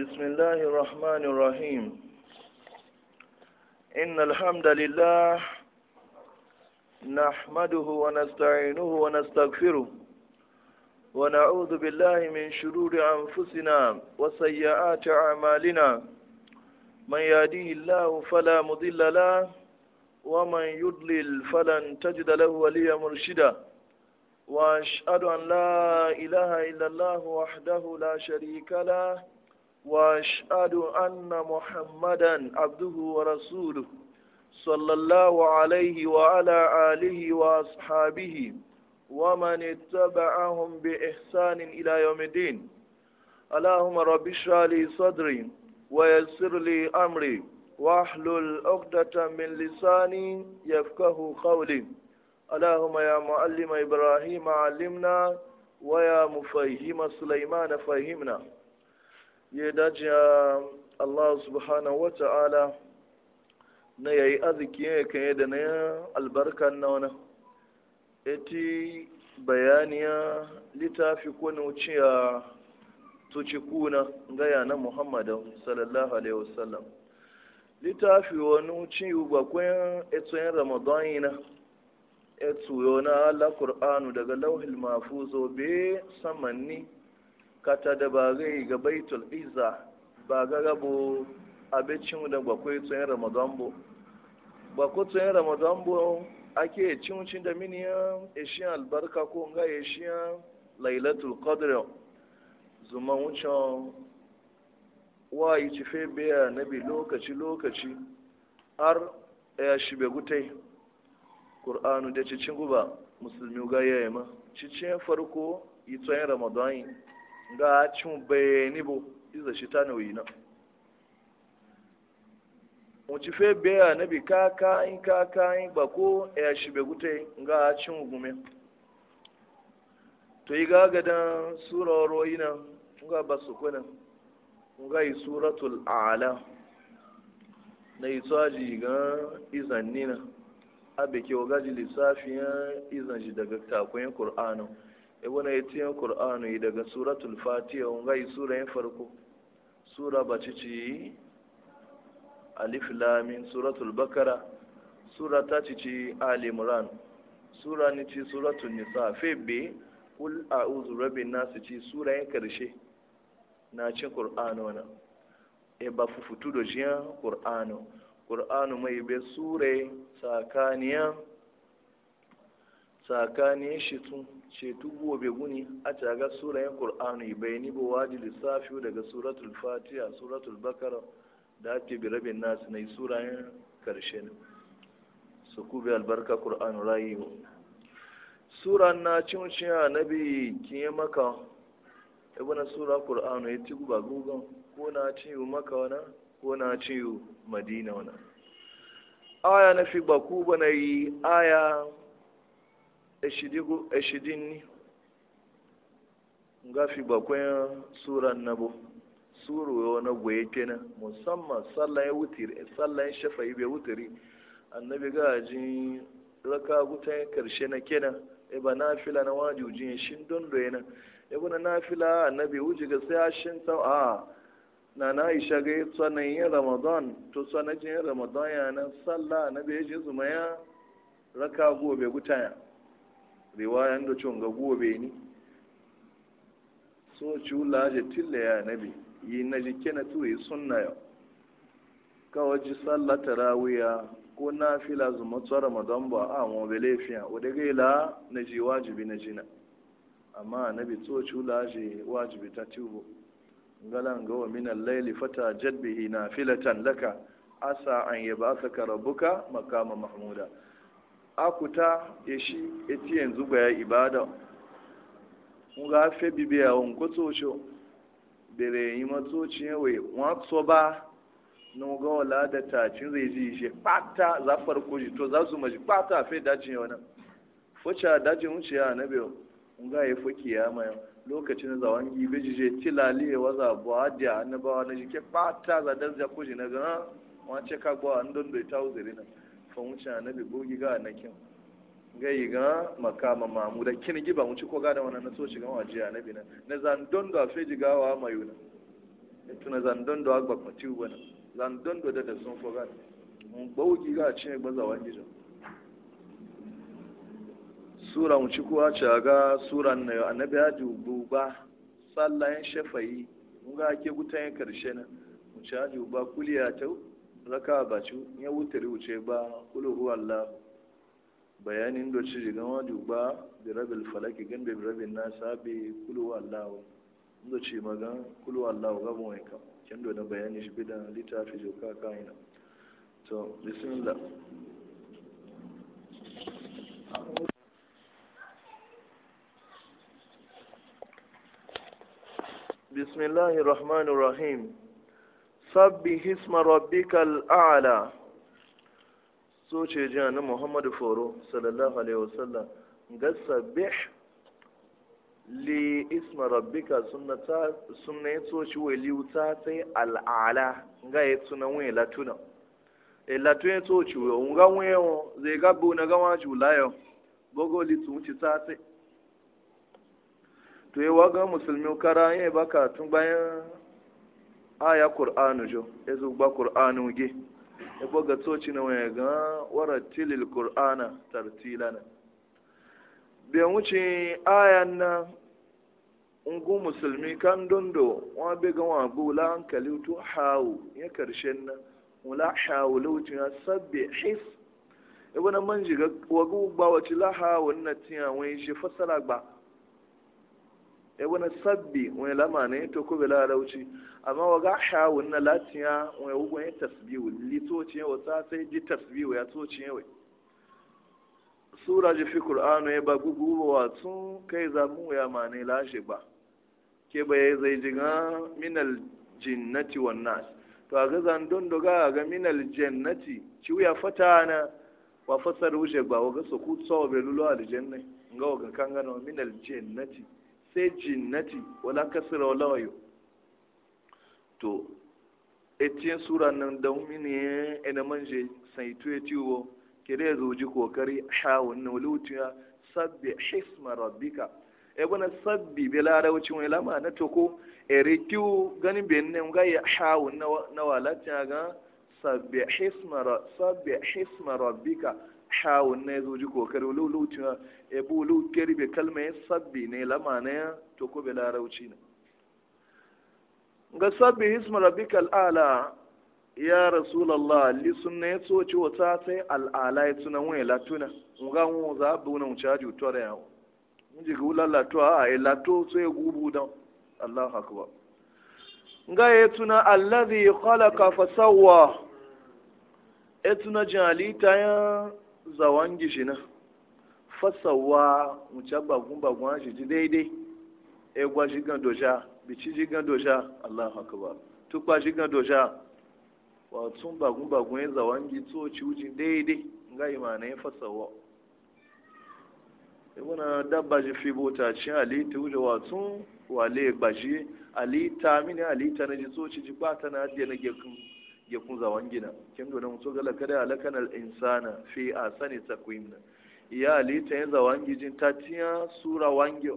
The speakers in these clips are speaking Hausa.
بسم الله الرحمن الرحيم إن الحمد لله نحمده ونستعينه ونستغفره ونعوذ بالله من شرور أنفسنا وسيئات أعمالنا من يهديه الله فلا مضل له ومن يضلل فلن تجد له وليا مرشدا واشهد ان لا اله الا الله وحده لا شريك له واشهد ان محمدا عبده ورسوله صلى الله عليه وعلى اله واصحابه ومن اتبعهم باحسان الى يوم الدين اللهم رب اشرح لي صدري ويسر لي امري واحلل عقدة من لساني يفقه قولي اللهم يا معلم ابراهيم علمنا ويا مفهم سليمان فهمنا ya dace Allah subhanahu wa ta'ala na yayi arziki ya kan da na albarkan na wani eti bayaniya littafi ko na wuciya tucikuna gaya na muhammadu sallallahu alaihi wasallam littafi wani wuci ba kwayan etoyin ramadani na etu wani ala kur'anu daga lauhil mafuzo be samanni kata da ba zai ga baitul izza ba ga rabo abincin da bakwai tsayin ramadan ba. bakwai tsayin ramadan bo ake cincin da miniyan ishiyan albarka ko nga ishiyan lailatul qadr zuma wucin wa yi ci fe biya na bi lokaci lokaci har ya shibe gutai Kur'anu da cicin guba musulmi ga yayama cicin farko yi tsayin ramadan ga cin bayani bu iza shi ta nauyi na wuce fe biya na bi ka in ka in ba ko e ya shi be gute ga cin gume to yi ga gadan sura royi na ga ba su kuna ga yi suratul a'la na yi tsaji ga izannina abe ke wa gaji lissafiyan izan shi daga takwayin qur'anin ibuna ya tiyan yi daga suratul fatiha ngai sura yin farko sura bacici alif lamin suratul bakara sura ta cici ali sura ni ci suratul nisa febe kul uzu rabin nasu ci sura yin karshe na ci kur'an na e ba fufutu do jiyan qur'anu qur'anu mai be sure tsakaniyan tsakaniyan shi tun cetu gobe guni a caga surayen ƙur'anu bai ni ba waji lissafi daga suratul fatiha suratul bakara da ake bi rabin nasu na surayen karshe ne su kube albarka ƙur'anu rayu suran na cin ciya na bi kiye maka na sura ƙur'anu ya ci guba gugan ko na yi maka wana ko na yi madina wana aya na fi baku bana yi aya ashidigu ashidin ni gafi bakon suran nabo suru wani goye kenan musamman sallan ya wutiri sallan shafa'i bai wutiri annabi ga jin raka guta karshe na kenan e ba fila na wajujin shin dondo don doya e na fila annabi wuji ga sai shin ta a na na isha ga yin ramadan to yin ramadan yana sallah annabi ya ji zuma ya raka gobe guta ya riwayan da cin ga gobe ni so cula je tilla ya nabi yi na jike na tuwe sunna yau kawai ji sallata rawiya ko na fila zuma tsoron ramadan ba a mawabe laifin wadda la na ji wajibi na jina amma nabi so cula je wajibi ta tubo galan gawa minan laili fata jadbihi na filatan laka asa an ba aka karabuka makama mahmuda akuta eshi eti yanzu ga ya ibada mun ga fe bibiya won ko tsocho bere yi matsoci yawe wọn tso ba na ga wala da tacin zai ji ishe pata za farko ji to za su maji pata fe dajin yau nan fuca dajin wuce ya na biyu mun ga ya fuki ya mai lokacin zawon gibe ji je tilali ya waza buwa da annabawa na jike pata za dan za kuji na gana ah, wace kagbawa an don bai ta uzuri nan kan wuce annabi gogi ga na kin gai ga makama mamu da kin giba wuce ko ga da wannan na so shiga waje annabi na na zandon da fe jigawa mayuna tuna zandon da agba kwati wani zandon da da sun ko ga mun gogi ga ce gbazawan gijo sura wuce ko a ga suran na annabi ya dubu ba sallayen shafayi mun ga ake gutayen karshe na wuce a dubu ba kuliya ta zaka ba ci ya wutari wuce ba kula huwa Allah bayanin da ci ga wadu ba da rabil falaki gan da rabin na bi kula huwa Allah da ci magan kula huwa Allah gabon wai kam can da bayani shi bidan littafi joka kaina to bismillah بسم الله الرحمن الرحيم sabbi hisma rabbikal a'la so ce jiya na muhammadu foro sallallahu alaihi wasallam ga sabbih li isma rabbika ta sunna yato ci wai liuta sai al'ala ga ya tuna wani latuna e latuna yato ci wai un ga wani zai ga bu na gawa gogo li litu ci ta sai to yi ga musulmi kara yin baka tun bayan aya qur'anu jo yazo ba qur'anu ge yabo e ga tsoci na waya ga ƙur'ana qur'ana tartilana bi wuce ayan na ungu musulmi kan dondo wa be ga wa bula hankali to hawu ya karshen na wala hawlu ya sabbi his ibn e manji ga wagu ba wace la hawu na tiya wai shi fasara ba e wani sabbi wani lama ne to ko bela rauci amma wa ga shawun na latiya wani ugun ya tasbihu litoci ya wata sai ji tasbihu ya toci ya wai sura ji fi ya e ba gugu wa tun kai zamu ya ma ne lashe ba ke ba ya zai ji ga minal jinnati wan nas to a ga zan don doga ga minal jannati ci ya fata na wa fasar wuce ba wa ga su ku tsawo belulu aljanna ga wa ga kangana minal jannati sai jinnati wala kasira wala wayo to etiyan sura nan da mini ina manje sai to etiwo kire zuji kokari ha wannan wulutiya sabbi hisma rabbika e bana sabbi bila larauci wani lama na to ko erikiu ganin be ga ya ha wannan na walatin ga sabbi hisma sabbi hisma rabbika hawun na ya zo ji kokari lulucin ebu lukeri bai kalma ya sabbi ne lama na ya to ko bai larauci ne ga sabbi hisma rabbika al'ala ya rasulallah li sunna ya so ci wata sai al'ala ya tuna wani latuna nga mu za bu na caji to da yawo inji ga ulalla to a yi lato sai gubu dan Allahu akbar nga ya tuna allazi khalaqa fasawwa ya tuna jalita ya zawangi shi na fasawa wuce bagun bagun shi ji daidai egwa shi doja bici doja allahu akbar tukpa shi doja watsun bagun bagun ya zawangi tso ci wucin daidai ga imana ya fasawa ibuna dabba ji fi bota cin alita wuce watsun wale gbashi alita mini alita na ji tsochi ci ji kwata na adiya na gekun ya kun zawan gina kin gona mutu gala kada alakanal insana fi asani takwimna ya alita yin zawan gijin tatiya sura wangi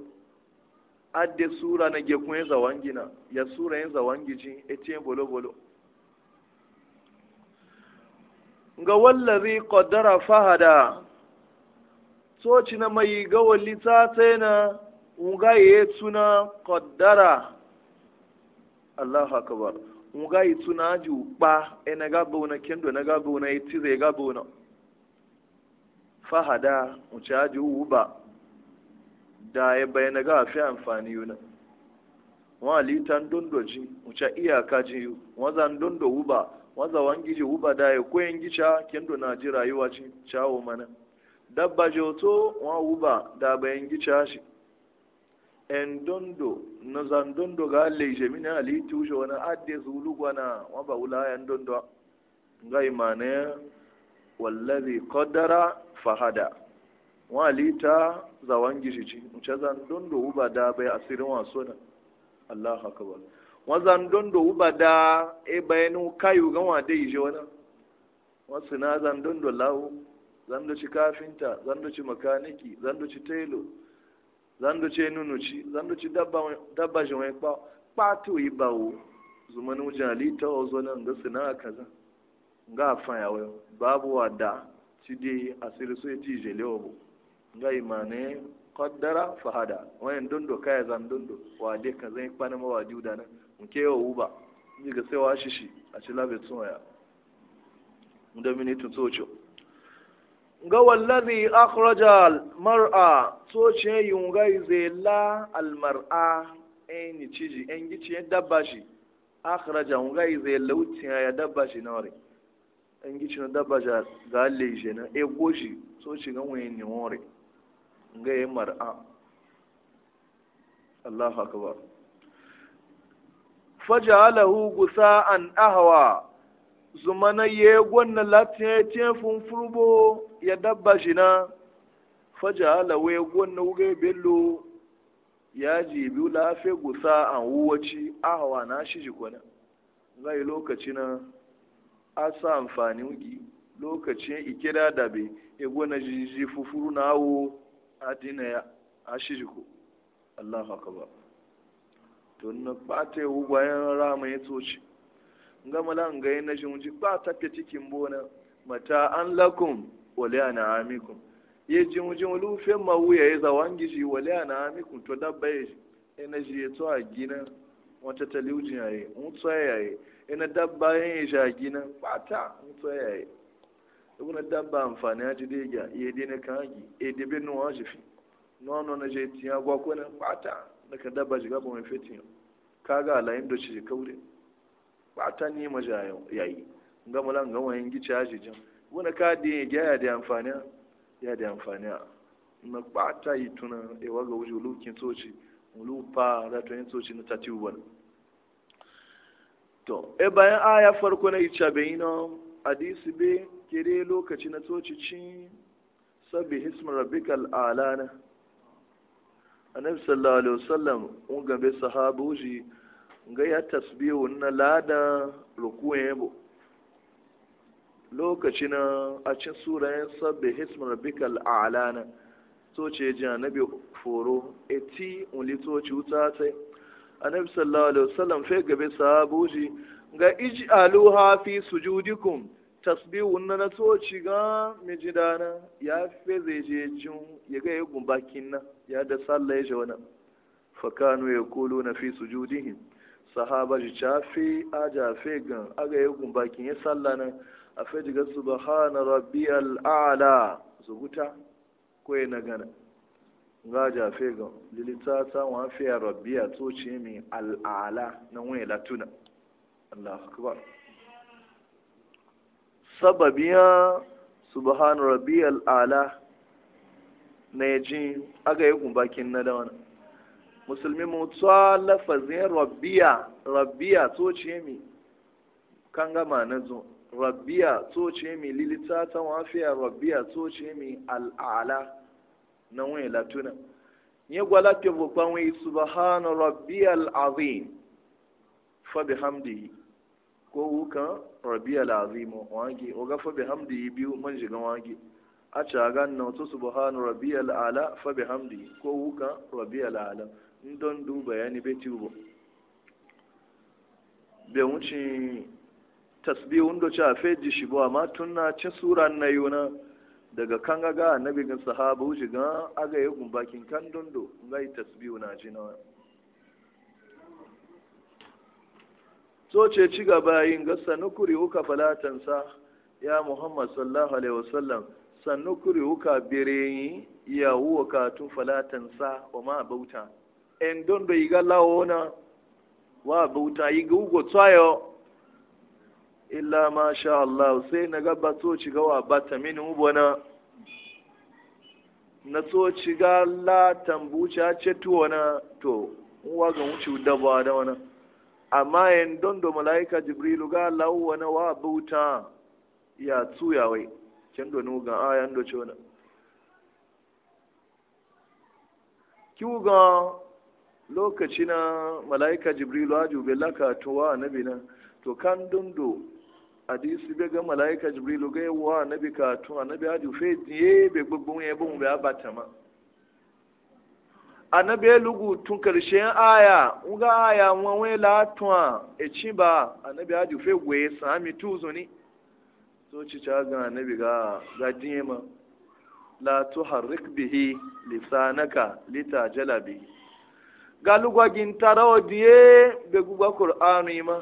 adde sura na ge kun zawan wangina ya sura yin zawan gijin etiyen bolo bolo ga wallazi qaddara fahada soci na mai walli ta tsena ungaye tuna qaddara Allahu akbar nga yi tuna ji ukpa e na gaba una kendo na gaba una iti zai gaba una fahada uce aji uba da ya bai na ga fi amfani yuna wa ji dondoji uce iyaka ji yu zan dondo uba waza wangi ji uba da ya koyan gicha kendo na ji rayuwa ji cawo mana dabba je to wa uba da bayan gicha shi en dondo na zan dondo ga le jemini ali tushe wana adde zulu gwana wa ba ula yan dondo Ngai mane walladhi qaddara fahada wa lita zawan gishici ce zan dondo uba da bai asirin waso sona? Allahu akbar wa zan dondo uba da e bayinu kayu ga wa dai je wana wasu na zan dondo lawo zan doci kafinta zan doci makaniki zan doci tailor zando ce nunu ci zando ci dabba shi wani kpa kpatu yi bawo zumanu wujen halitta o zo nan da suna kaza ga fanya yawo babu wada ci dai asiri so ti jele obo ga imane qaddara fahada wani dondo kaya zan dondo wade kan zan kpa na mawadi da na muke yawo uba ni ga sai wa shishi a ci labe tsoya mu da mini tutsocho ga wallazi akhraja mar'a so ce yungai zai la almar'a en ciji en gici ya dabba shi akhraja yungai zai uti ya dabba shi nore en gici na dabba ja ga le na e goshi so ce ga wani ni nore ga yin mar'a Allahu akbar fajalahu gusa'an ahwa zumana ye na latin ya ce ya dabba shi na faja alawe gwanna wuge bello ya jibi lafe gusa a wuwaci hawa na shi kwana zai lokaci na a sa amfani wugi ike da dabe ya gwanna ji fufuru na awo dina ya a shi Allah haka ba to na ɓata yawu bayan rama ya tsoci gama lan ga yi na shi wuji ɓata fi cikin bona mata an lakun. wale ana amikun ye jin jin lu fe ma wuya zawa zawangi shi wale ana amikun to dabba ya shi ya to a gina wata talibijin yi yayi mun tsaya yi ina dabba ya yi sha gina fata mun tsaya yayi ibuna dabba amfani ya ji dega ye dina kagi e de be nuwa shi fi no na je tiya gwa ko na fata daga dabba shiga ba mai fitin kaga alayin da shi kaure fata ya yi yayi ngamalan gawayen gici jin wani kadi ya ya da amfani ya da amfani na kwata yi tuna ewa waga wuce lukin soci lupa yin soci na tatiwan to e bayan aya farko na icha bayina hadisi be kere lokaci na soci ci sabbi hism rabbikal alana annabi sallallahu alaihi wasallam un gambe sahabuji ga ya tasbihu na lada rukuyen lokaci na a cin surayen sabbe hisman a a'lana to ce ji annabi foro eti unlitoci wuta ta annabi sallallahu alaihi wasallam fai gabe sahabuji ga iji aluha fi sujudikum tasbihun na toci ga mijidana ya fe zai je jin ya ga ya gumbakin na ya da sallah ya jawana fakanu ya kulu na fi sujudihim sahaba ta cafe aja fe gan aga ya gumbakin ya sallah na a ga subhana rabbi al'ala su huta ko na gana ga jafe ga lilita ta wafiya rabbi a tsoce mai al'ala na wani latuna allah akbar sababiya subhana rabbi al'ala na ji aga yi gumbakin na da wani musulmi mutuwa lafazin rabbiya rabbiya ce mi kan gama na zuwa rabbiya tsoce mi lilita ta wafiya rabbiya tsoce mi al'ala na wani latuna ya gwala ke bukwan wai subhana rabbiyal azim fa bihamdihi ko wuka rabbiyal azim wangi o ga fa bihamdihi biyu man jiga wangi a ci a gan na wato subhana rabbiyal ala fa bihamdihi ko wuka rabbiyal ala don du bayani bai ci ba tasbihun do cha fe ji shi bo amma tunna ci sura na yuna daga kan ga annabi gan sahaba wuce ga aga ya bakin kan dondo ngai tasbihu na ji na so ce ci gaba yin ga sanukuri uka falatansa ya muhammad sallallahu alaihi wasallam sanukuri uka bireyi ya huwa ka tun falatansa wa ma bauta en dondo yi ga lawona wa bauta yi ga ugo tsayo illa ma sha Allah sai na gaba ba ci gawa ba ta mini ubona na to ci ga la tambuca ce tuwana to uwa ga wuce daba da wani amma yan don do malaika jibrilu ga lawa na wa buta ya tsuya wai kin do ga ayan do ce wani kiwu ga lokaci na malaika jibrilu ajube laka tuwa wa na to kan dundo hadisi be ga malaika jibrilu ga wa nabi ka tun annabi hadi fe diye be gbogbo ye bon be abata ma annabi lugu tun karshe aya uga aya wanwe la tun e ba annabi hadi fe gwe sami tuzo ni so ci ta ga annabi ga ga diye ma la tuharrik bihi lisanaka lita bihi ga lugwagin tarawa diye be gugwa qur'ani ma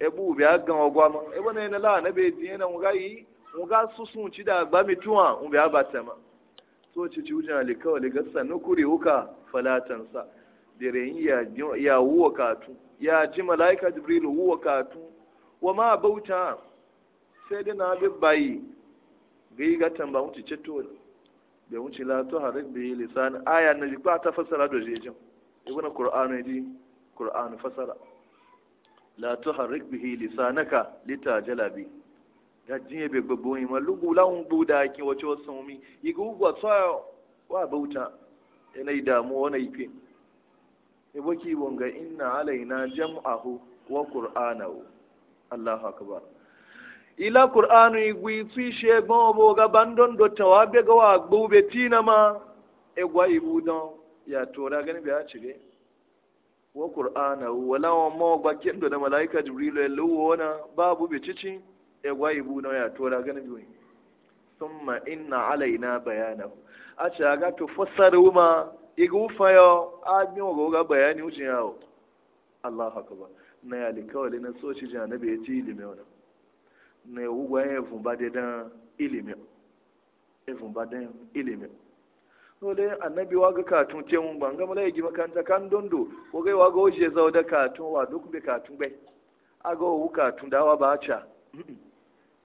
ebu bi agan ogwa ma ebo ne la na be die na nga yi nga susun ci da gba mi tuwa un bi abata ma so ci ci ujan le kawle ga sanu kure uka falatan sa dere ya ya wuwa katu ya ji malaika jibril wuwa katu wa ma bauta sai dai na bi bayi gai ga tamba wuce ceto da wuce la to harin bi lisan aya na ji ba ta fasara da jejin ibn qur'an ji qur'an fasara la tuharrik bihi lisanaka jalabi bi gajin be gbogbo yin malugu lawun buda ki wace wasu mi igu gwa tsayo wa bauta yana damu wani ife ibo ki bonga inna alaina jam'ahu wa qur'anahu allahu akbar ila qur'anu igwi fi she bo ga bandon do tawabe ga wa gbube tina ma e gwa ibudon ya tora gani be a cire wa qur'ana wala wa ma ba kendo da malaika jibril ya luwona babu bicici e gwaibu na ya tora ganin biyu summa inna alaina bayanahu a ce ga to fassaru ma igu fayo a bi wa ga bayani wucin yawo Allahu akbar na ya likawali na so shi janabi ya ci ilimi wannan na ya wugwa ya fun ba da ilimi ya fun ba ilimi sole annabi waga katun ce mun ban gama laigi makaranta kan dondo ko gai waga oje zau da katun wa duk bi katun bai aga wu katun dawa ba cha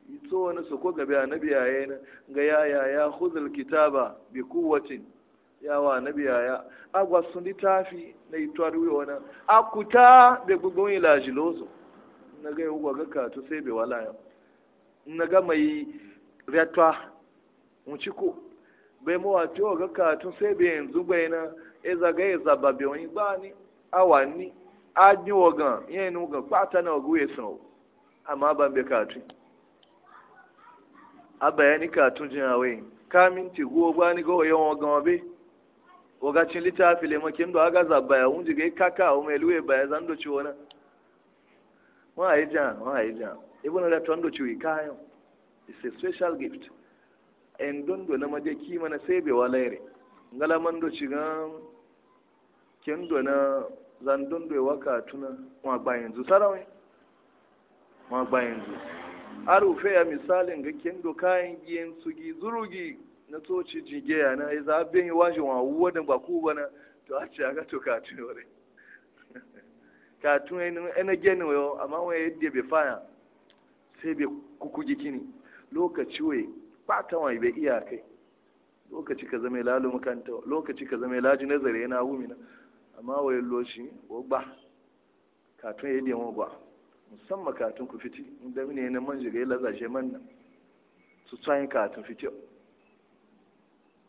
ito wani su ko gabe annabi 'yaya na ga ya ya ya khudhul kitaba bi quwwatin yawa annabi yaya agwa sun litafi na itwari wi wana akuta be gugun ilajilozo na gai ga katun sai be wala na ga mai riatwa mu ciko bai mawa ciwo ga katun sai bai yanzu bai na e zaga ya zaba bai wani ba ni awa ni a ni wagan ya nuga kwata na wagu ya sanau amma ban bai katun a bayani katun jin hawaii kamin ti guwa ba ni gawa yawan wagan wa bai wagacin littafi lemakin da aga zaba ya wunji gai kaka wa mai luwe baya zan doci wani wa a yi jan wa a yi jan ibi na da tuwan doci wi kayan it's a special gift en dondo na maje kima na sebe walaire ngala mando shiga kendo na zan dondo e waka tuna wa ba yanzu sarawai ma ba yanzu fe ya misalin ga kendo kayan giyan su gi zurugi na toci ya na za zaɓe yi wa wadan ba ku bana to a ce ga to katun yore katun yi ena wayo amma wani yadda bai faya sai bai kukuji kini. lokaci wai ba ta mai bai iya kai lokaci ka zama lalu makanta lokaci ka zama laji nazari yana wumina amma wai loci ko ba katun ya demo ba musamman katun ku fiti inda mine na man jiga ya lazashe man nan su tsayin katun fiti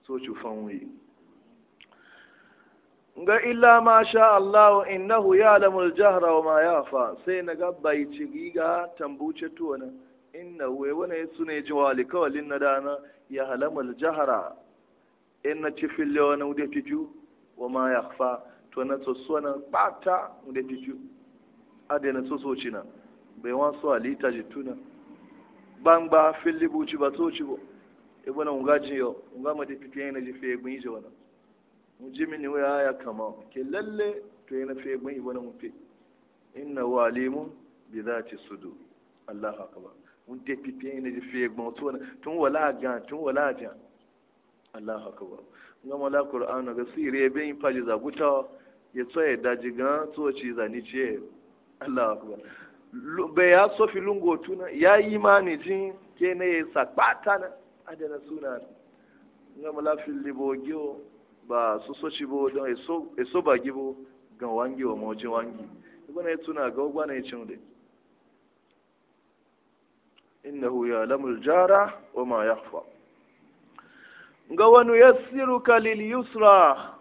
so ci fanwi ga illa ma sha Allah innahu ya'lamul jahra wa ma yafa sai na ga bai ci giga tambuce tuwa nan inna wai wani su ne ji wa alikawalin na dana ya halamar jihara in na ci fili wani wude fiju wa ma ya fa to na soso na bata wude fiju adai na soso ci na bai wa so alita ji tuna ban ba fili buci ba ci bo ibo na nga ji yo nga ma da fiti na ji fiye gun ji wani mu ji mini waya ya kama ke lalle to yana fiye gun yi wani mu fe inna alimun bi ci sudu Allahu akbar un te pipiye ne ji fi gbọn to na tun wala ga tun wala ja allah akbar ngam wala qur'an ga sire be in faji za guta ya tsaye daji gan to ci za ni ce allah akbar be ya so fi lungo tuna ya imani jin ke ne ya sa pata na na suna ngam la fil gyo ba so so ci bo don e so e so ba gibo gan wangi wa ji wangi ibana ya tuna ga ogwana ya cin dai huya ya'lamul jara wa ma yakhfa ga wani yassiruka lil yusra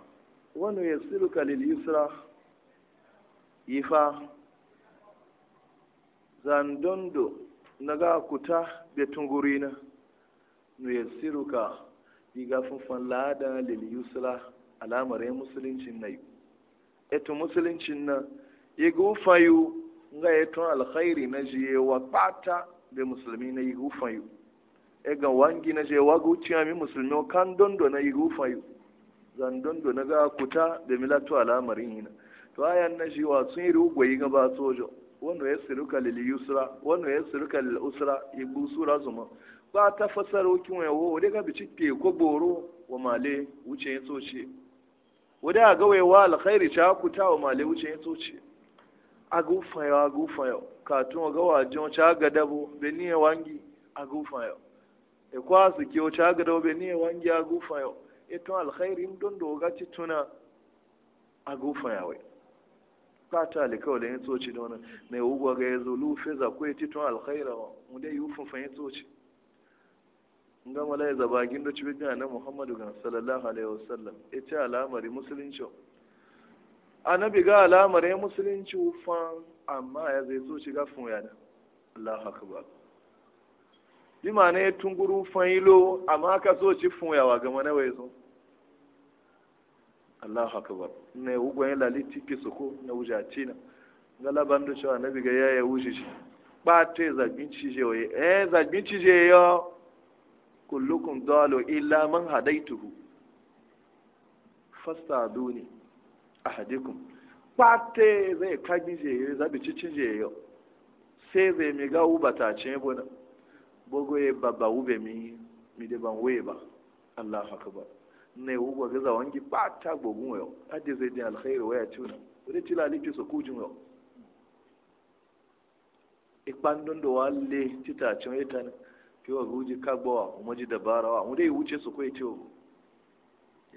wani yassiruka lil yusra yifa zandondo naga kuta da tungurina nu yassiruka diga funfan lada lil yusra alamar ya musuluncin na yi eto musuluncin na ya gufayu ga ya tun alkhairi na jiyewa pata de musulmi na yi fayu e ga wangi na je wagu tiya mi musulmi kan dondo na yi fayu zan dondo na ga kuta da milatu al'amarin hina to ayan na shi wa sun yi rugwayi ga ba sojo wannan ya siruka lil yusra wannan ya siruka lil usra ibu sura zuma ba ta fasaro kin wayo wode ga bici ke ko boro wa male wuce ya soce wada ga wai wa alkhairi ta kuta wa male wuce ya soce agu fayo agu fayo katun ga wajen caga dabo ni ya wangi a gufa yau e kwa su ke o caga dabo ni ya wangi a gufa yau e tun alkhairin don doga ci tuna a gufa yawai kata alikawai da yin tsoci da wani mai ugwa ga ya zo lufe za ku yi titun alkhaira wa mu dai yi fufan yin tsoci nga mala ya zabagin da cibin gana na muhammadu ga sallallahu alaihi wasallam ya ce alamari musulunci annabi ga alamari musulunci fan amma ya zai so shiga fun yana Allah akbar bi ma ne tunguru fayilo amma ka so shi fun wa gama na wai so Allah ba ne ugo yin laliti ke soko na wuja cina galaban da cewa biga ya yaya wuce shi ba ya zagbin cije waye eh zagbin cije yo kullukun dalo illa man hadaituhu fastaduni ahadikum kpate zai kagi je zabi cici je yo sai zai mi ga uba ta ce bona bogo ye baba ube mi mi de ban we ba allah akbar ne ugo ga zawan gi pata gogun yau ade zai de alkhair ya tuna re tila liki so kujun yau don do walle tita ce eta ki wa guji kagbawa mu ji dabara wa mu dai wuce su koyi ciwo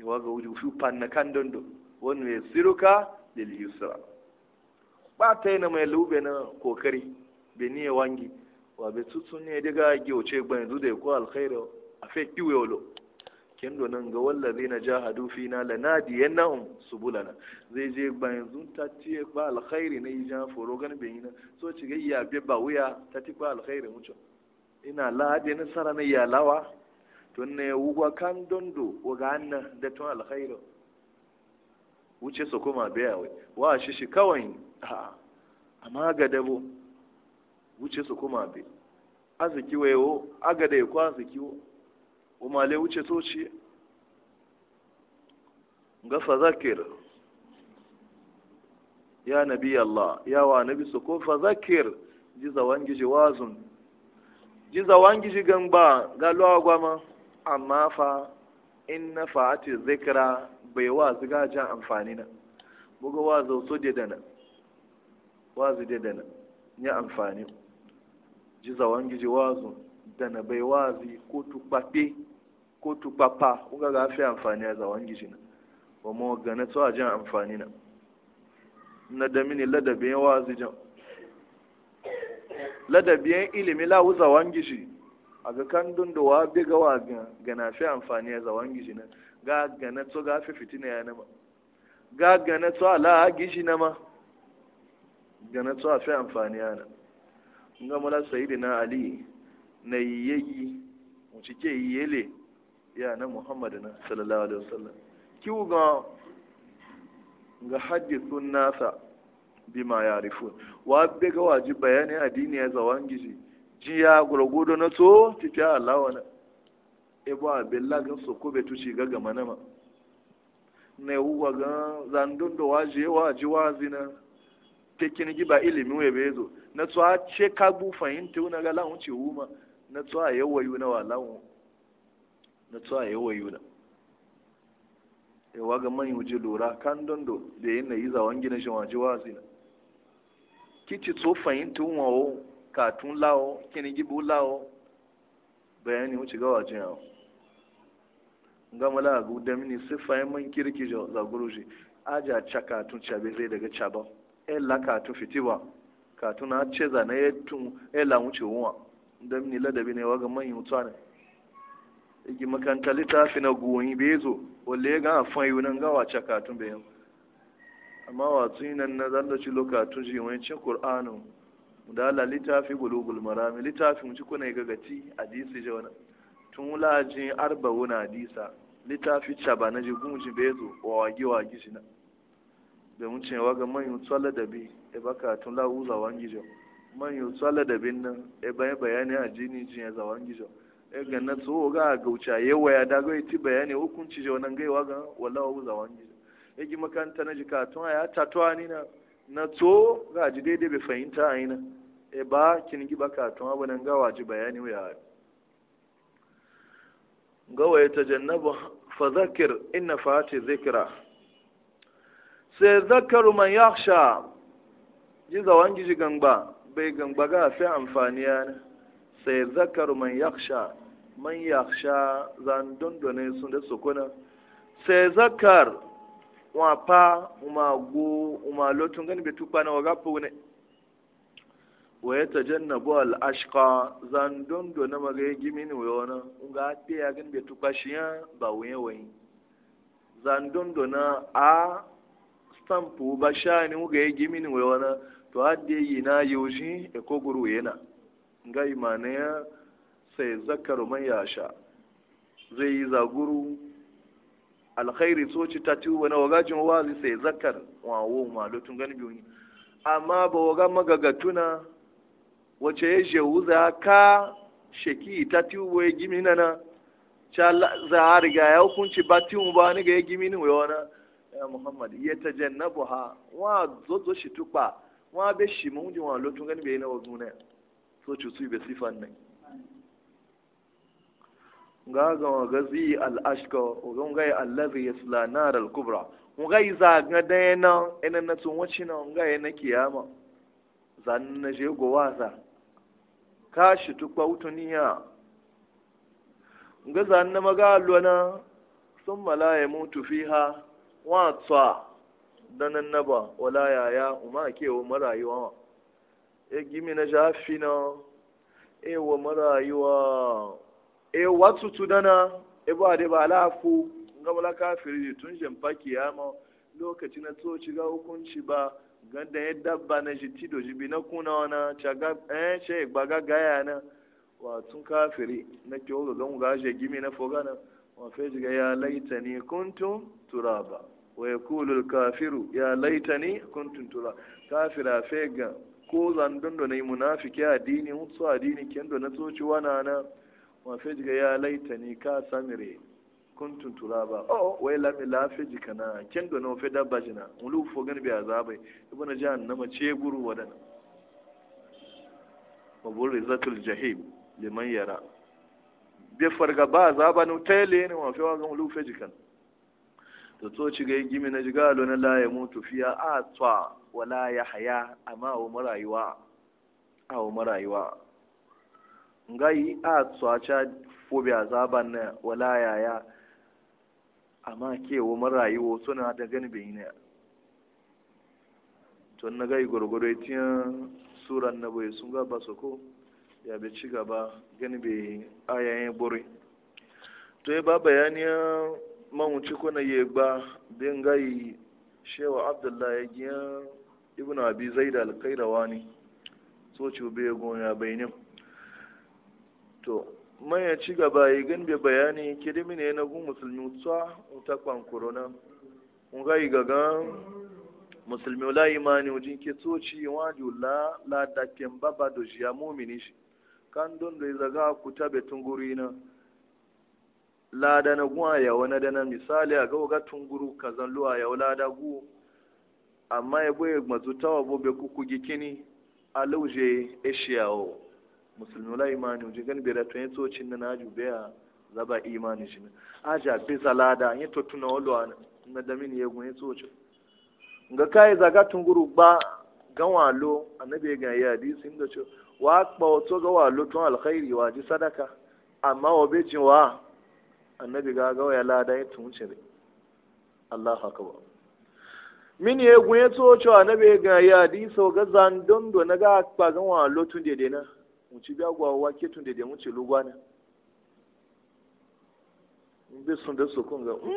wa ga wuji fi na kan dondo wannan ye siruka lil yusra ba ta yi na mai lube na kokari bai ni wangi wa bai tutu ne daga gyauce ban zu da ko alkhairu a fe wolo. kin do ga wallazi na jahadu fina lanadi yanahum subulana zai je ban zu ta ce ba alkhairi ne ja foro gan bai yi na so ci gayya be ba wuya ta ti ba alkhairi mucho ina lade na sarana ya lawa to ne wugo kan dondo wa ga annan da to alkhairu wuce su kuma biya wai wa shi shi kawai a amma ga dabo wuce su kuma bi arziki wayo aga da ya kwa arziki umale wuce shi. ga fazakir ya nabi Allah ya wa nabi su ko fazakir ji zawan gishi wazun ji zawan gishi gan ba ga luwa gwama amma fa in na fa'ati zikira bai wazi gajan amfani na buga wazo so dedana wazi dedana ya amfani ji zawon giji wazo dana bai wazi ko tukpape ko tukpapa kuka ga fi amfani a zawon giji na ba mu gane so a jan amfani na na da mini ladabin wazi jan ladabin ilimi lawu zawon giji a ga kan dunduwa biga wa gana fi amfani a zawon giji na ga to ga fi fitina ya nama ga to ala gishi nama gana to a fi amfani yana nga mala sayyidina ali na yiyeyi mu cike yele ya na muhammad na sallallahu alaihi wasallam ki ga ga hadithun nasa bima yarifun wa be ga waji bayani addini ya zawan jiya gurgudo na to tita Allah wala ebo a lagin su kube tuci ga gama nama na yi wuwa ga zandun da waje wa ji wazi na tekin giba ilimi wa bai zo na tsuwa ce kagbu fahimta wuna ga lahun ce wuma na tsuwa yawa yuna wa lahun na a yawa yuna yawa ga manyan wuce lura kan dondo da yin na yi zawon gina shi waje wazi na kici tso fahimta wuna wo katun lawo kini gibu lawo bayani wuce ga wajen yawa gama la gu da mini fa man kirki jo za guruji aja chaka tun chabe zai daga chaba e la ka tu fitiwa ka tun na ce za na ye tun e la mu ciwuwa da mini ladabi ne ga man yuta ne igi makanta fi na goyi bezo walle ga afan yunan gawa chaka tun be amma wasu yi nan na tun lokacin wani yawancin qur'anu da ala littafi bulugul marami littafi mu ci kuna ga gati hadisi jawana tun wulaje arba wuna hadisa littafi caba na jigun ji bezo wa wagi wagi shi na domin cewa ga manyan tsala da bi e baka tun la'uza wangi jau manyan tsala da bin nan e bayan bayani a jini jin ya zawan gijo e ganna na ga gauca yawa ya dago ya ti bayani hukunci jo nan gai waga wala wa'uza wangi jau ya e gi makanta na jika tun a ya tatuwa ni na na to ga ji daidai bai fahimta a yi na e ba kin gi baka tun abu nan ga waji bayani wa ya gawa ya tajannabu fazakir inna fati zikira sai zakaru man yaksha ji zawon ji gangba bai gangba ga fi amfani ya ne sai zakaru man yaksha man yaksha zan dondone sun da sukuna sai zakar wa pa uma go gani bai tukpa na waga ne. wa ya tajannabu al'ashqa zan dondo na magaye gimini wa wani nga te ya gan shi ya? ba wuye wayi zan dondo na a stampu ba sha ni uga ye gimini wa wani to hadde yi na yi yoji ya e ko guru yana nga imane ya sai zakaru man sha. zai yi zaguru alkhairi ci ta tuba na wagajin wazi sai zakar wa malotun gani biyu amma ba waga magagatuna wace ya jewuza ka sheki ta tubo ya gimi nana cha za a riga ya hukunci ba tubo ba ni ga ya gimi ni na ya muhammad ya jannabu ha wa zozo shi tukpa wa be shi mun ji wa lotun gani bai na wazu ne so ci su be sifan ne ga ga gazi al ashka o ga ga allazi yasla nar al kubra ga za ga dai nan, ina na tun wace na ngai na kiyama zan na je go waza tashi tukwa wutuniya ga zanna magalwana sun mala ya mutu fiha watsa danan naba wala yaya umma kewa marayuwa ya e gimi na jafi na ewa marayuwa e watu tudana e ba da ba lafu ga wala kafiri tun shamfaki ya ma lokaci na tsoci ga hukunci ba ganda ya dabba na shi tido shi bi na kuna wana caga eh she gbaga gaya na wa tun kafiri na ke oga gan ga shi gimi na foga na wa fe ga ya laitani kuntum turaba wa ya al kafiru ya laita ni kuntun tura kafira fega ga ko zan dondo ne munafiki addini mutsu addini kendo na tsoci wana na wa fe ga ya ni ka samire kuntun turaba o oh, wai lami lafi jikana ken do na fe dabba jina mulu fo gani bi azabai ibn nama ce guru wadana mabul rizatul jahim liman yara be farga ba azaba no tele ne wa fe wa gani mulu fe jikana to to ci gai gimi na jiga na la ya mutu fiya a twa wala ya haya amma wa marayuwa a wa marayuwa ngai a twa cha fobi zaban na wala yaya ya amma wa marayuwa suna da gani bai ne tun na gai gwargwaro ya suran na bai sun gaba su ko ya bai ci gaba gani bai ayayen bori to ya ba bayaniya mawuci kuna ya ba bin gai shewa abdullahi ya giya ibn abi zai da alkairawa ne so ci bai goya bai ne to maya ci gaba yi gan bai bayani kirimi ne na gun musulmi tsa ta kwankuro na mun ga yi gaga musulmi la imani ujin ke tsoci waju la la da ken baba da shi ya mumini shi kan don da zaga ku ta betun guri na la da na gwa ya wani da na misali a ga ga tunguru kazan a yau wala da gu amma ya boye mazu wa bobe kuku gikini a lauje eshiyawo musulmi la imani uje gan bera to yin tsocin na na bai ya zaba imani shi a aja be salada yin to tuna wolo na da ya yegun yin tsocin ga kayi zaga tunguru ba gan walo annabi ga ya hadisi da ce wa ba wato ga walo tun alkhairi wa ji sadaka amma wa bai jin wa annabi ga ga ya lada yin tunce ne Allahu akbar min yegun yin tsocin annabi ga ya hadisi ga zandon do na ga gan walo tun daidai na ŋutsu biya agwa ketun ketu dede ŋutsu lugwana mbe sunde soko nga mm,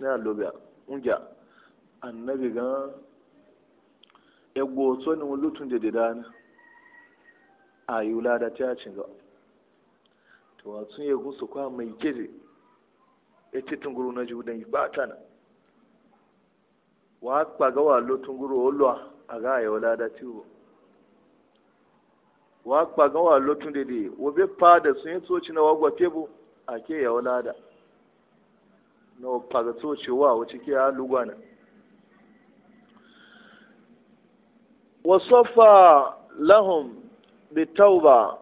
ne alobia ngya annabi ga egwo to ne lutun dede dana ayula da ta cinga to watsun ya gusu kwa mai keze e titun guru na judan ibata na wa kpagawa wa lutun guru olwa aga ayula da tiwo wa kpagan wa lotun dede wo be pa da sun yi tsoci na wagwa tebu a ke ya wala da na wa kpaga tsoci wa wace ke ya lugwana wasofa lahum bi tauba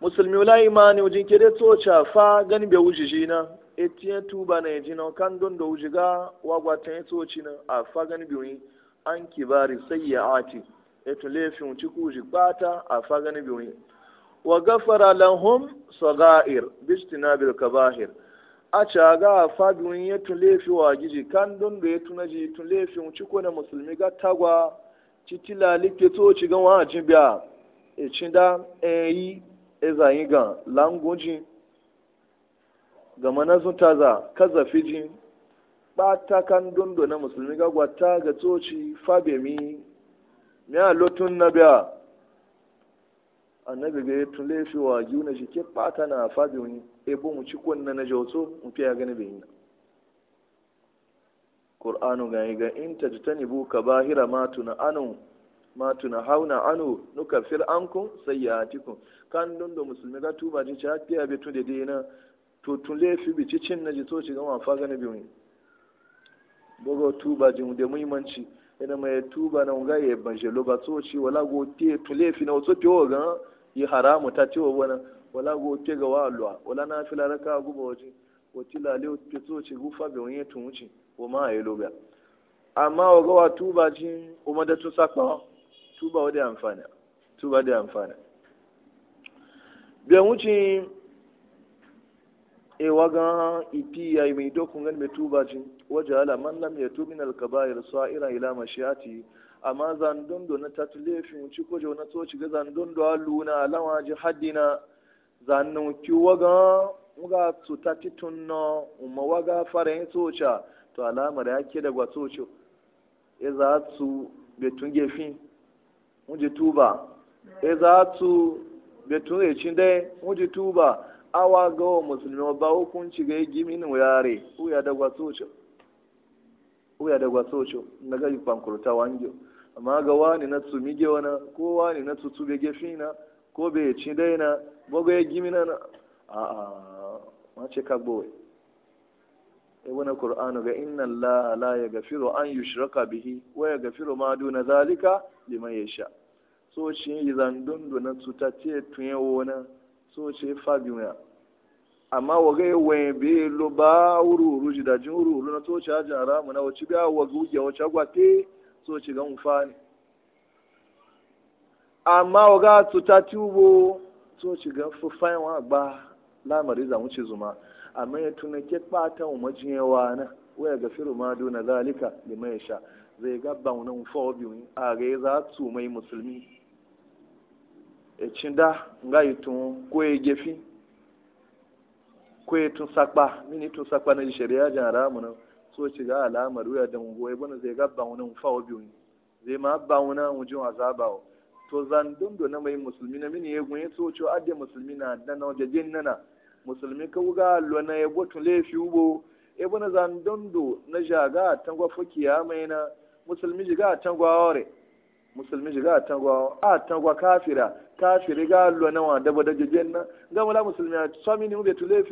musulmi wala imani wajen kere tsoca fa gani bai wujiji na etiyan tuba na yaji na kan don da wujiga wagwa ta yi tsoci na a fa gani bai an kibari sayya ati eto laifin ciku ji bata a fagani wa gafara lahum sagair bistinabil kabahir a caga a ya wa giji kan don da ya tunaji tulefin ciko na musulmi ga tagwa citila like to ci gan wa jin biya e cinda yi e zayin gan langoji ga manazun taza kaza fiji bata kan don na musulmi ga gwata ga toci fabemi ya lotun na biya annabi ga tun laifi wa juna shi ke na fabi wani e mu cikon na mu fiya gani bai yi ga ga in tajtanibu kabahira ma tuna anu ma tuna hauna anu nukaffir ankum sayyi'atikum kan dun do musulmi ga tuba ji ta be da dai na to tun bi na ina mai tuba na nga ye banje lo ba so ci wala go te tule fi na so te ogan yi haramu ta ce wala wala go te ga wa alwa wala na fi laraka guba waje wati lale te so ci gufa be wani tun ci wa ma ayi lo ba amma wa ga wa tuba ji o ma da tun sapa tuba wa da amfana tuba da amfana be wuci e waga ipi ya mai dokun gan be tuba ji wajala man lam yatu min al-kaba'ir sa'ira ila mashiyati amma zan zandondo na tatulefin ci ko jona to ci ga zandondo aluna lawa ji haddina zannu ki waga muga su tatitun no umma waga fare soca to alamar yake da gwatocho e za su betun gefin muje tuba e za su betun ecin dai muje tuba awa ga musulmi ba hukunci ga gimi ne yare uya da gwatocho uya da gwaso cho na ga yi wangyo amma ga wani na tsumige wana ko wani na tutube gefina ko be ci daina bogo ya gimina na a a ce ka boye e wani qur'anu ga inna allaha la yaghfiru an yushraka bihi wa yaghfiru ma duna zalika liman yasha so shi yi zandun na tutace tunye wona so shi fabiya amma waga waye be lo ba wuru wuru da jin wuru wuru na toci a jara mu na wace biya waga wuya wace agwate so ci ga umfani amma waga tuta tubo so ci ga fufayin wa ba lamari za mu zuma amma ya tuna ke kpata umajiyewa na waya ga firu ma duna zalika lima ya sha zai ga baunan fobiyu a ga za su mai musulmi e cinda ga yi tun ko ya gefi kwe tun sakpa mini tun sakpa na shari'a jan ramu na so ci ga alamar wuya da mu goyi bana zai gabba wani mu fawo biyu ne zai ma ba wani mu jin azaba wa to zan dondo na mai musulmi na mini ya gunye so ci adde musulmi na dan na jajin nana musulmi ka wuga lona ya botun laifi ubo ya e bana zan dondo na jaga tangwa fukiya mai na musulmi jiga tangwa ore musulmi shiga a tangwa a tangwa kafira kafiri ga lo na wanda ba daga jenna ga mala musulmi a tsami ne mbe tule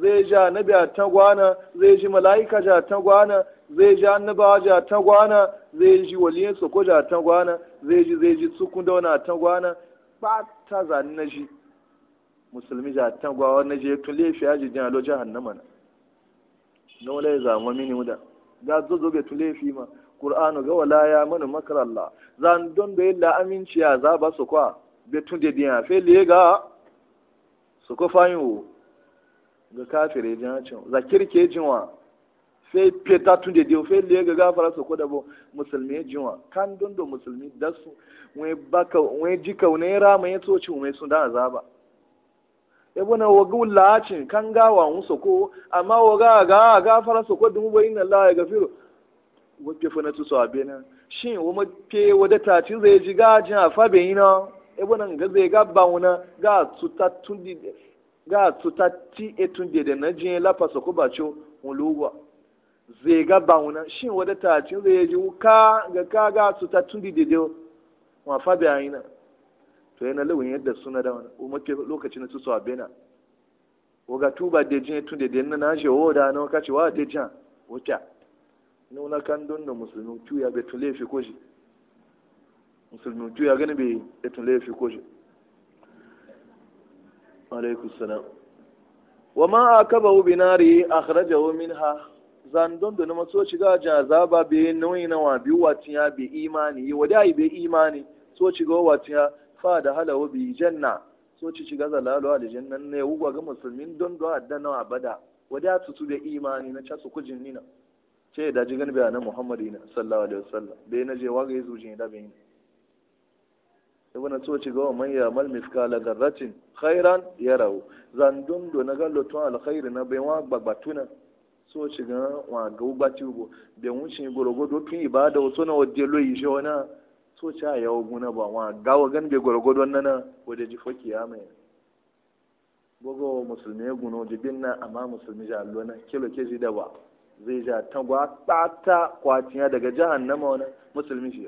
zai ja nabi a tangwa na zai ji malaika ja tangwa na zai ji annaba ja tangwa na zai ji waliyan soko ja tangwa na zai ji zai ji tsukun da wani tangwa na ba ta zani na ji musulmi ja tangwa wa na je tun lefi a jijin alo hannama na na wala ya zama mini muda ga zo zo bai tun lefi ma qur'anu ga wala ya mana makarallah zan don da yalla aminci ya za ba su kwa be tun de dia fe le ga su ko fayin wo ga kafire jin cin za kirke jinwa fe ta tun de dia fe le ga fara su ko da bo musulmi jinwa kan don do musulmi da su we baka we jika ne ra mai ci mai sun da azaba ebona wagu lacin kan gawa musu ko amma wa ga fara su ko dumu bayin Allah ya gafiru wafe fana su sabe na shi wa mafe wada tatin zai ji gajin a fabe yi na ebe nan ga zai ga ba wuna ga tuta ti etun da na jin lafa sako ba ce wuluwa zai ga ba wuna shi wada tatin zai ji wuka ga ka ga tuta tun dede wa fabe yi na to yana e lawin yadda suna da wani mafe lokacin su sabe na waga tuba dejin tun dede na na je wo da na kace wa jan wuta nuna kan don da musulmi tuya bai tun laifi ko shi musulmi tuya gani bai tun laifi ko shi alaikus salam wa ma akabahu binari ha zan don da numa so shiga ba be nauyi na wa biyu watin ya be imani wa yi bai imani so shiga watin ya fa da halawa bi janna so ci shiga zalalu al jannan ne wuga ga musulmin don do addana abada wa dai su su imani na casu kujin nina ce da ji gani bayanan muhammadu na sallallahu alaihi wasallam da na je waga ya zuci da bai ibn to ci ga man ya mal miskala garratin khairan yarau zandun do na gallo to alkhair na bai wa gbagbatu so ci ga wa ga ubati ugo bai wuce gorogodo tun ibada wato na wadde loyi je wana so ci a yawo guna ba wa gawa gan bai gorogodo nan na wadde ji foki ya mai bogo musulmi guno jibin na amma musulmi jallo na kilo ji da ba zai ja ta gwata kwaciya daga jahannama wani musulmi shi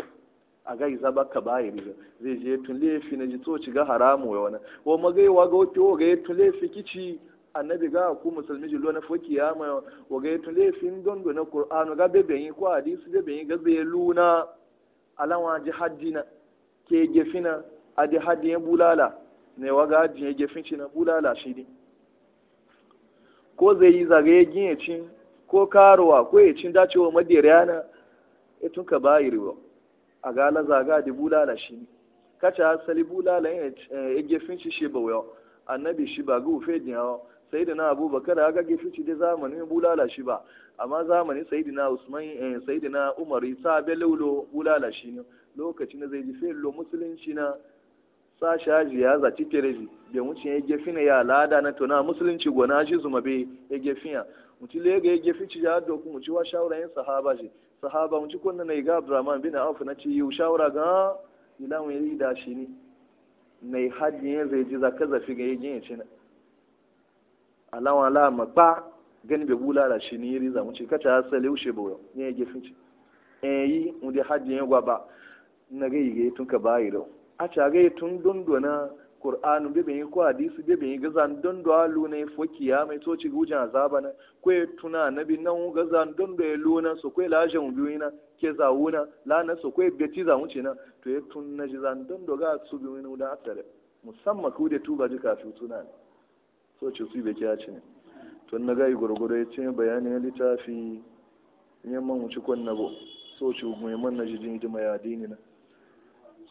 a gai zaba ka baye riga zai je tun laifi na ji to ci ga haramu ya wani wa magai wa ga wato wa ga tun laifi kici annabi ga ku musulmi na foki ya kiyama wa ga tun laifi dondo na kur'anu ga bebe yi ko hadisi bebe yi ga zai luna alawa ji haddina ke gefina adi ya bulala ne wa ga ya gefi ci na bulala shi ne ko zai yi zagaye gin ya cin ko karuwa ko ya cin dacewa madiyar yana ya eh, tun ka bayi riwa a gala zaga da bulala shi ne kaca asali bulala ya eh, gefin shi shi bawai annabi shi ba gufe din yawa sai da na abubakar aka gefin shi da zamanin bulala shi ba amma zamanin sai da na usman eh, sai da na umaru ta belolo bulala shi ne lokacin da zai ji sai lo musulunci na sa shaji ya zaci tereji da mutum ya gefin ya lada na tona musulunci gona shi zuma bai ya gefin ya mutu lega ya gefi ci ya doku mutu wa shawara yin sahaba ce. sahaba mutu kunna na iga abdurrahman bin auf na ci yau shawara ga ila mu yi da shi ne mai hajji yin zai ji zaka zafi ga yin yace na alawa la ba gani bai bula da shi ne riza mutu kacha asali ushe boyo ne ya gefi ci eh yi mu da hajji ya gwaba na ga yi tun ka bayi da a ca ga tun dundona qur'anu be yi ko hadisi be be gazan don do alu ne fo kiyama to ci gujan azaba na ko tuna nabi nan gazan don do elu luna so ko laje mu biyu na ke zauna la na so ko be ci za mu ci na to ya tun na ji zan don do ga su biyu da atare musamman ku da tuba ji kafi tuna so ci su be kiya ci ne to na ga gurguro ya ce bayani ya litafi yamman mu ci kon na bo so ci mu man na ji jin jima ya dini na